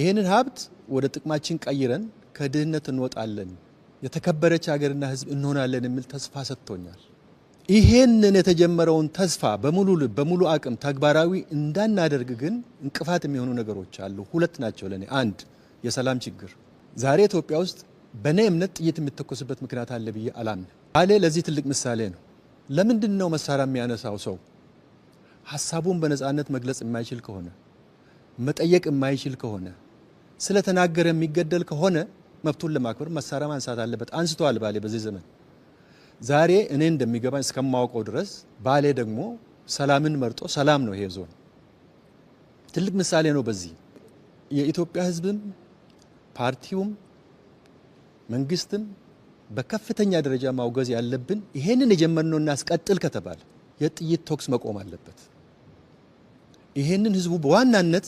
ይህንን ሀብት ወደ ጥቅማችን ቀይረን ከድህነት እንወጣለን፣ የተከበረች ሀገርና ህዝብ እንሆናለን የሚል ተስፋ ሰጥቶኛል። ይሄንን የተጀመረውን ተስፋ በሙሉ ልብ በሙሉ አቅም ተግባራዊ እንዳናደርግ ግን እንቅፋት የሚሆኑ ነገሮች አሉ። ሁለት ናቸው ለእኔ። አንድ የሰላም ችግር ዛሬ ኢትዮጵያ ውስጥ በእኔ እምነት ጥይት የሚተኮስበት ምክንያት አለ ብዬ አላምን። ባሌ ለዚህ ትልቅ ምሳሌ ነው። ለምንድን ነው መሳሪያ የሚያነሳው ሰው ሀሳቡን በነፃነት መግለጽ የማይችል ከሆነ መጠየቅ የማይችል ከሆነ ስለተናገረ የሚገደል ከሆነ መብቱን ለማክበር መሳሪያ ማንሳት አለበት። አንስተዋል ባሌ በዚህ ዘመን። ዛሬ እኔ እንደሚገባኝ እስከማውቀው ድረስ ባሌ ደግሞ ሰላምን መርጦ ሰላም ነው ይሄ ዞን ትልቅ ምሳሌ ነው። በዚህ የኢትዮጵያ ሕዝብም ፓርቲውም መንግስትም በከፍተኛ ደረጃ ማውገዝ ያለብን ይሄንን የጀመርነው እናስቀጥል ከተባለ የጥይት ተኩስ መቆም አለበት። ይሄንን ህዝቡ በዋናነት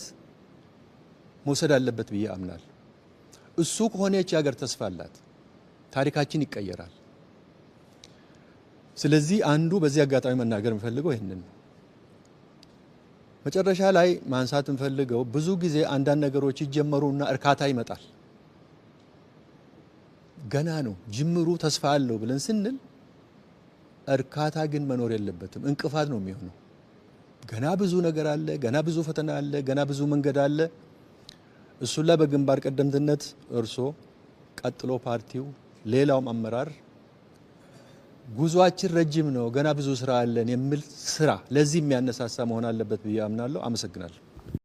መውሰድ አለበት ብዬ አምናል። እሱ ከሆነ ይቺ ሀገር ተስፋ አላት፣ ታሪካችን ይቀየራል። ስለዚህ አንዱ በዚህ አጋጣሚ መናገር የምፈልገው ይህንን ነው። መጨረሻ ላይ ማንሳት የምፈልገው ብዙ ጊዜ አንዳንድ ነገሮች ይጀመሩና እርካታ ይመጣል። ገና ነው ጅምሩ ተስፋ አለው ብለን ስንል እርካታ ግን መኖር የለበትም፣ እንቅፋት ነው የሚሆነው። ገና ብዙ ነገር አለ፣ ገና ብዙ ፈተና አለ፣ ገና ብዙ መንገድ አለ። እሱን ላይ በግንባር ቀደምትነት እርሶ ቀጥሎ ፓርቲው፣ ሌላውም አመራር ጉዟችን ረጅም ነው፣ ገና ብዙ ስራ አለን የሚል ስራ ለዚህ የሚያነሳሳ መሆን አለበት ብዬ አምናለሁ። አመሰግናለሁ።